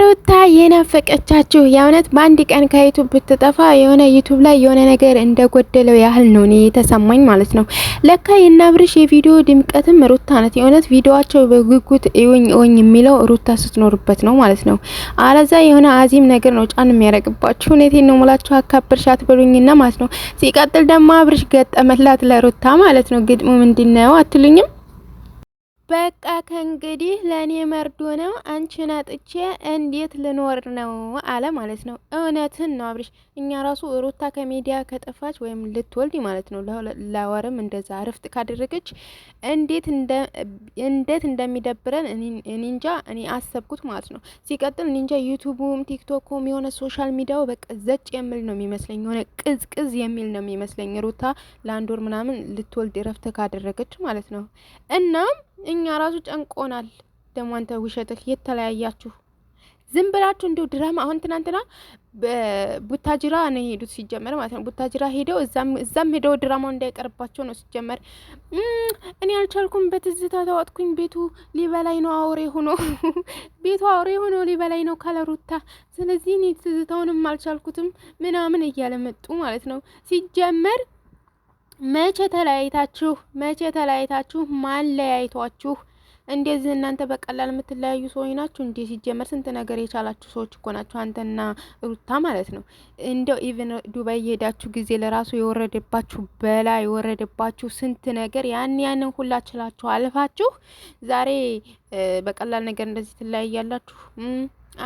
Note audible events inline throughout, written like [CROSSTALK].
ሩታ የናፈቀቻችሁ የእውነት በአንድ ቀን ከዩቱብ ብትጠፋ የሆነ ዩቱብ ላይ የሆነ ነገር እንደጎደለው ያህል ነው እኔ የተሰማኝ ማለት ነው። ለካ የናብርሽ የቪዲዮ ድምቀትም ሩታ ናት። የእውነት ቪዲዮዋቸው በጉጉት እዩኝ እዩኝ የሚለው ሩታ ስትኖርበት ነው ማለት ነው። አለዛ የሆነ አዚም ነገር ነው ጫን የሚያረግባችሁ። እውነቴን ነው ሙላችሁ አካበርሻት ብሉኝና ማለት ነው። ሲቀጥል ደግሞ አብርሽ ገጠመላት ለሩታ ማለት ነው። ግጥሙ ምንድነው አትሉኝም? በቃ ከእንግዲህ ለእኔ መርዶ ነው፣ አንቺን አጥቼ እንዴት ልኖር ነው አለ ማለት ነው። እውነትን ነው አብርሽ። እኛ ራሱ ሩታ ከሚዲያ ከጠፋች ወይም ልትወልድ ማለት ነው ለወርም እንደዛ እረፍት ካደረገች እንዴት እንደሚደብረን እኔንጃ እኔ አሰብኩት ማለት ነው። ሲቀጥል እኔንጃ ዩቱቡም ቲክቶኩም የሆነ ሶሻል ሚዲያው በቃ ዘጭ የሚል ነው የሚመስለኝ፣ የሆነ ቅዝቅዝ የሚል ነው የሚመስለኝ ሩታ ለአንድ ወር ምናምን ልትወልድ እረፍት ካደረገች ማለት ነው እናም እኛ ራሱ ጨንቆናል። ደግሞ አንተ ውሸትህ የተለያያችሁ ዝም ብላችሁ እንዲሁ ድራማ። አሁን ትናንትና ቡታጅራ ነው የሄዱት ሲጀመር ማለት ነው። ቡታጅራ ሄደው እዛም ሄደው ድራማው እንዳይቀርባቸው ነው ሲጀመር። እኔ አልቻልኩም፣ በትዝታ ተዋጥኩኝ። ቤቱ ሊበላይ ነው አውሬ ሆኖ [LAUGHS] ቤቱ አውሬ ሆኖ ሊበላይ ነው ካለሩታ። ስለዚህ እኔ ትዝታውንም አልቻልኩትም ምናምን እያለ መጡ ማለት ነው ሲጀመር መቼ ተለያይታችሁ መቼ ተለያይታችሁ ማለያይቷችሁ? እንደዚህ እናንተ በቀላል የምትለያዩ ሰዎች ናችሁ እንዴ? ሲጀመር ስንት ነገር የቻላችሁ ሰዎች እኮ ናችሁ፣ አንተና ሩታ ማለት ነው። እንደው ኢቨን ዱባይ የሄዳችሁ ጊዜ ለራሱ የወረደባችሁ በላ የወረደባችሁ ስንት ነገር ያን ያንን ሁላ ችላችሁ አልፋችሁ ዛሬ በቀላል ነገር እንደዚህ ትለያያላችሁ።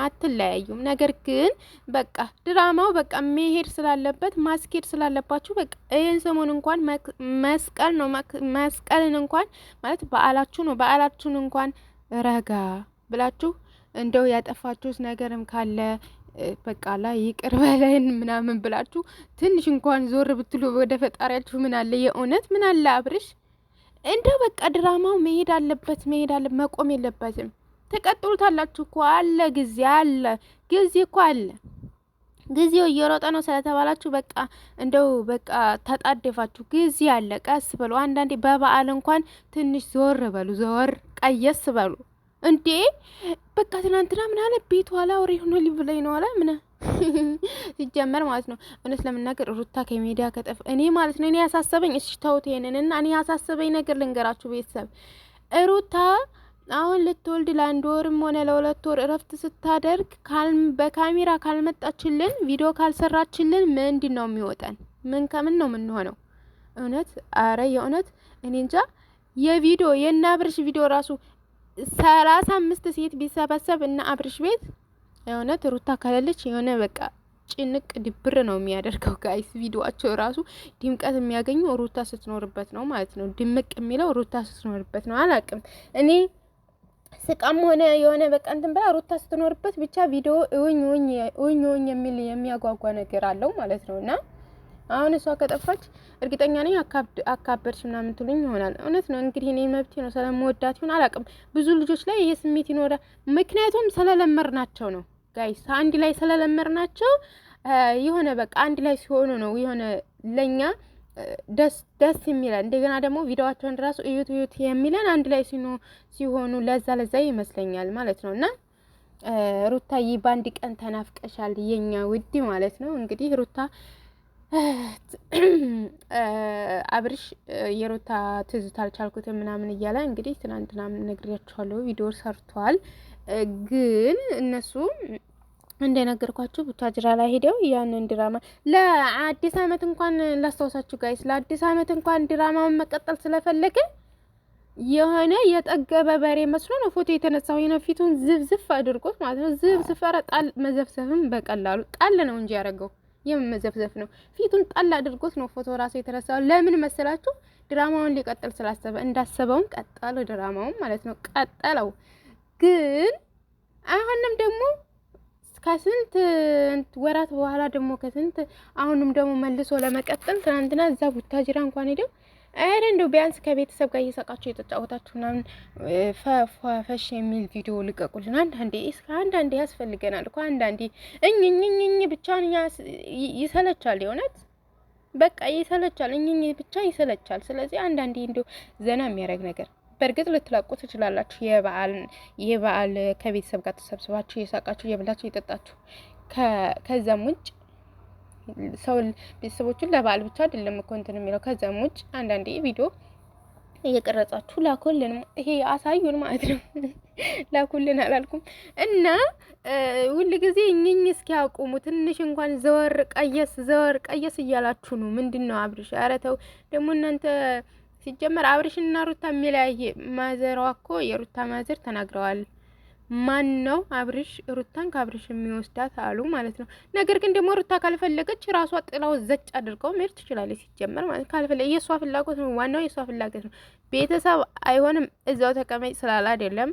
አትለያዩም። ነገር ግን በቃ ድራማው በቃ መሄድ ስላለበት ማስኬድ ስላለባችሁ በቃ ይህን ሰሞን እንኳን መስቀል ነው መስቀልን እንኳን ማለት በዓላችሁ ነው በዓላችሁን እንኳን ረጋ ብላችሁ እንደው ያጠፋችሁት ነገርም ካለ በቃ ላይ ይቅር በለን ምናምን ብላችሁ ትንሽ እንኳን ዞር ብትሉ ወደ ፈጣሪያችሁ ምን አለ የእውነት ምን አለ አብርሽ እንደው በቃ ድራማው መሄድ አለበት መሄድ አለ መቆም የለበትም። ተቀጥሉታላችሁ እኮ አለ ጊዜ አለ ጊዜ እኮ አለ። ጊዜው እየሮጠ ነው ስለተባላችሁ በቃ እንደው በቃ ተጣደፋችሁ። ጊዜ አለ፣ ቀስ በሉ። አንዳንዴ በበዓል እንኳን ትንሽ ዞር በሉ፣ ዞር ቀየስ በሉ። እንዴ በቃ ትናንትና ምን አለ ቤት ኋላ ወሬ ሆኖ ሊብለኝ ነው አለ ምን [LAUGHS] ሲጀመር ማለት ነው። እውነት ለመናገር ሩታ ከሚዲያ ከጠፍ እኔ ማለት ነው እኔ ያሳሰበኝ እሽ ተውት ይሄንን እና እኔ ያሳሰበኝ ነገር ልንገራችሁ ቤተሰብ ሩታ አሁን ልትወልድ ለአንድ ወርም ሆነ ለሁለት ወር እረፍት ስታደርግ በካሜራ ካልመጣችልን ቪዲዮ ካልሰራችልን ምንድን ነው የሚወጠን? ምን ከምን ነው የምንሆነው? እውነት አረ የእውነት እኔ እንጃ። የቪዲዮ የእነ አብርሽ ቪዲዮ ራሱ ሰላሳ አምስት ሴት ቢሰበሰብ እና አብርሽ ቤት የእውነት ሩታ ካለለች የሆነ በቃ ጭንቅ ድብር ነው የሚያደርገው። [LAUGHS] ጋይስ ቪዲዮቸው ራሱ ድምቀት የሚያገኙ ሩታ ስትኖርበት ነው ማለት ነው። ድምቅ የሚለው ሩታ ስትኖርበት ነው። አላቅም እኔ ስቃም ሆነ የሆነ በቃ እንትን ብላ ሩታ ስትኖርበት ብቻ ቪዲዮ እውኝ እውኝ የሚል የሚያጓጓ ነገር አለው ማለት ነው። እና አሁን እሷ ከጠፋች እርግጠኛ ነኝ አካበድሽ ምናምን ትሉኝ ይሆናል። እውነት ነው እንግዲህ እኔ መብቴ ነው ስለምወዳት ይሆን አላውቅም። ብዙ ልጆች ላይ ይሄ ስሜት ይኖራል። ምክንያቱም ስለለመር ናቸው ነው ጋይስ፣ አንድ ላይ ስለለመር ናቸው የሆነ በቃ አንድ ላይ ሲሆኑ ነው የሆነ ለእኛ ደስ የሚለን እንደገና ደግሞ ቪዲዮዋቸውን ራሱ እዩት እዩት የሚለን አንድ ላይ ሲሆኑ ለዛ ለዛ ይመስለኛል ማለት ነው። እና ሩታዬ በአንድ ቀን ተናፍቀሻል የኛ ውድ ማለት ነው። እንግዲህ ሩታ አብርሽ የሩታ ትዝታ አልቻልኩትም ምናምን እያለ እንግዲህ ትናንትና ነግሬያቸዋለሁ ቪዲዮ ሰርቷል። ግን እነሱ እንደነገርኳችሁ ቡታጅራ ላይ ሄደው ያንን ድራማ ለአዲስ አመት እንኳን ላስታውሳችሁ ጋይስ፣ ለአዲስ አመት እንኳን ድራማውን መቀጠል ስለፈለገ የሆነ የጠገበ በሬ መስሎ ነው ፎቶ የተነሳው። የነ ፊቱን ዝብዝፍ አድርጎት ማለት ነው። ዝብዝፍ ኧረ ጣል መዘፍዘፍም በቀላሉ ጣል ነው እንጂ ያደረገው መዘፍዘፍ ነው። ፊቱን ጣል አድርጎት ነው ፎቶ ራሱ የተነሳው። ለምን መሰላችሁ? ድራማውን ሊቀጥል ስላሰበ እንዳሰበውም ቀጠለው ድራማውን ማለት ነው። ቀጠለው ግን አሁንም ደግሞ ከስንት ወራት በኋላ ደግሞ ከስንት አሁንም ደግሞ መልሶ ለመቀጠል ትናንትና እዛ ቡታጅራ እንኳን ሄደው ኧረ እንደው ቢያንስ ከቤተሰብ ጋር እየሳቃችሁ የተጫወታችሁ ምናምን ፈሽ የሚል ቪዲዮ ልቀቁልን። አንዳንዴ እስከ አንዳንዴ ያስፈልገናል እኮ አንዳንዴ እኝኝኝኝ ብቻን ይሰለቻል። የእውነት በቃ ይሰለቻል። እኝኝ ብቻ ይሰለቻል። ስለዚህ አንዳንዴ እንደው ዘና የሚያደርግ ነገር በእርግጥ ልትለቁ ትችላላችሁ። የበዓል የበዓል ከቤተሰብ ጋር ተሰብስባችሁ የሳቃችሁ፣ የብላችሁ፣ የጠጣችሁ ከዛም ውጭ ሰው ቤተሰቦቹን ለበዓል ብቻ አይደለም እኮ እንትን የሚለው ከዛም ውጭ አንዳንዴ ቪዲዮ እየቀረጻችሁ ላኩልን። ይሄ አሳዩን ማለት ነው። [LAUGHS] ላኩልን አላልኩም እና ሁል ጊዜ እኝኝ እስኪ ያቁሙ። ትንሽ እንኳን ዘወር ቀየስ ዘወር ቀየስ እያላችሁ ነው። ምንድን ነው አብርሽ? ኧረ ተው ደግሞ እናንተ ሲጀመር አብርሽና ሩታ የሚለያየ ማዘሯ እኮ የሩታ ማዘር ተናግረዋል። ማን ነው አብርሽ ሩታን ከአብርሽ የሚወስዳት አሉ ማለት ነው። ነገር ግን ደግሞ ሩታ ካልፈለገች ራሷ ጥላው ዘጭ አድርገው መሄድ ትችላለች። ሲጀመር ማለት ካልፈለ የእሷ ፍላጎት ነው። ዋናው የእሷ ፍላጎት ነው። ቤተሰብ አይሆንም እዛው ተቀመጭ ስላል አይደለም።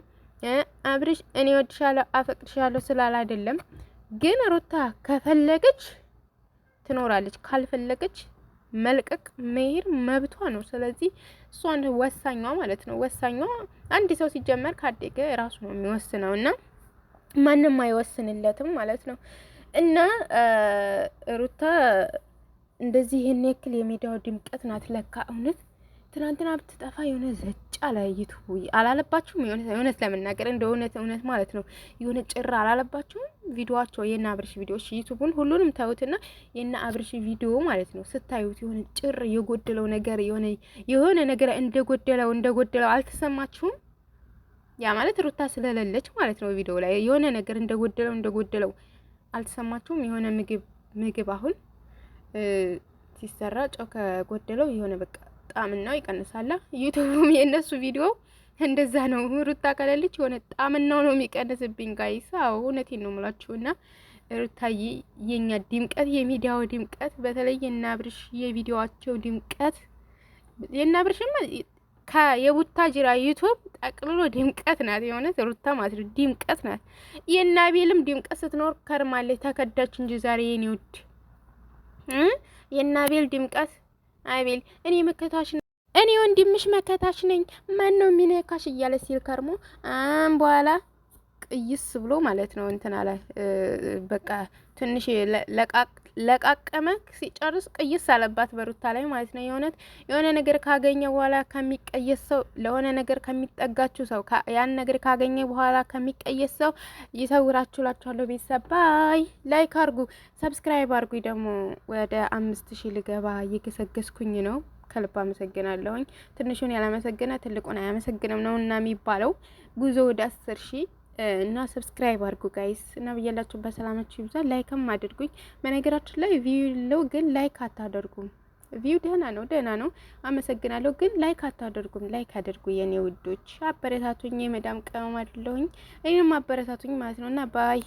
አብርሽ እኔ ወድሻለሁ አፈቅድሻለሁ ስላል አይደለም። ግን ሩታ ከፈለገች ትኖራለች፣ ካልፈለገች መልቀቅ መሄድ መብቷ ነው። ስለዚህ እሷን ወሳኛ ማለት ነው። ወሳኛ አንድ ሰው ሲጀመር ካደገ ራሱ ነው የሚወስነው እና ማንም አይወስንለትም ማለት ነው እና ሩታ እንደዚህ ይህን ያክል የሚዲያው ድምቀት ናት ለካ እውነት ትናንትና ብትጠፋ የሆነ ዘጫ ላይ ዩቱቡ አላለባችሁም? እውነት ለመናገር እንደ እውነት እውነት ማለት ነው የሆነ ጭራ አላለባችሁም? ቪዲዮቸው የእነ አብርሽ ቪዲዮዎች ዩቱቡን ሁሉንም ታዩትና የእነ አብርሽ ቪዲዮ ማለት ነው ስታዩት የሆነ ጭር የጎደለው ነገር የሆነ የሆነ ነገር እንደጎደለው እንደጎደለው አልተሰማችሁም? ያ ማለት ሩታ ስለሌለች ማለት ነው ቪዲዮ ላይ የሆነ ነገር እንደጎደለው እንደጎደለው አልተሰማችሁም? የሆነ ምግብ ምግብ አሁን ሲሰራ ጨው ከጎደለው የሆነ በቃ ጣምናው ይቀንሳላ። ዩቱብም የእነሱ ቪዲዮ እንደዛ ነው። ሩታ ቀለልች የሆነ ጣምናው ነው የሚቀንስብኝ ጋይስ። አዎ እውነቴን ነው የምላችሁና ሩታዬ የኛ ድምቀት፣ የሚዲያው ድምቀት፣ በተለይ የናብርሽ የቪዲዮዋቸው ድምቀት የናብርሽማ የቡታ ጅራ ዩቱብ ጠቅልሎ ድምቀት ናት። የሆነት ሩታ ማለት ነው ድምቀት ናት። የናቤልም ድምቀት ስትኖር ከርማለች ተከዳች እንጂ ዛሬ የኔ ውድ የናቤል ድምቀት አቤል እኔ መከታሽ እኔ ወንድምሽ መከታሽ ነኝ፣ ማን ነው የሚነካሽ እያለ ሲል ከርሞ አም በኋላ ቅይስ ብሎ ማለት ነው እንትና ላይ በቃ ትንሽ ለቃቅ ለቃቀመ ሲጨርስ ቅይስ አለባት በሩታ ላይ ማለት ነው። የእውነት የሆነ ነገር ካገኘ በኋላ ከሚቀየስ ሰው ለሆነ ነገር ከሚጠጋችሁ ሰው ያን ነገር ካገኘ በኋላ ከሚቀየስ ሰው ይሰውራችሁ ላችኋለሁ። ቤተሰብ ባይ ላይክ አርጉ፣ ሰብስክራይብ አርጉ። ደግሞ ወደ አምስት ሺህ ልገባ እየገሰገስኩኝ ነው። ከልብ አመሰግናለሁኝ። ትንሹን ያላመሰግነ ትልቁን አያመሰግንም ነው እና የሚባለው ጉዞ ወደ አስር ሺህ እና ሰብስክራይብ አድርጉ ጋይስ እና ብያላችሁ። በሰላማችሁ ይብዛ። ላይክም አድርጉኝ። በነገራችን ላይ ቪው የለው ግን ላይክ አታደርጉም። ቪው ደህና ነው ደህና ነው፣ አመሰግናለሁ። ግን ላይክ አታደርጉም። ላይክ አድርጉ የኔ ውዶች፣ አበረታቱኝ። የመዳም ቀመም አይደለሁኝ እኔም አበረታቱኝ ማለት ነው እና ባይ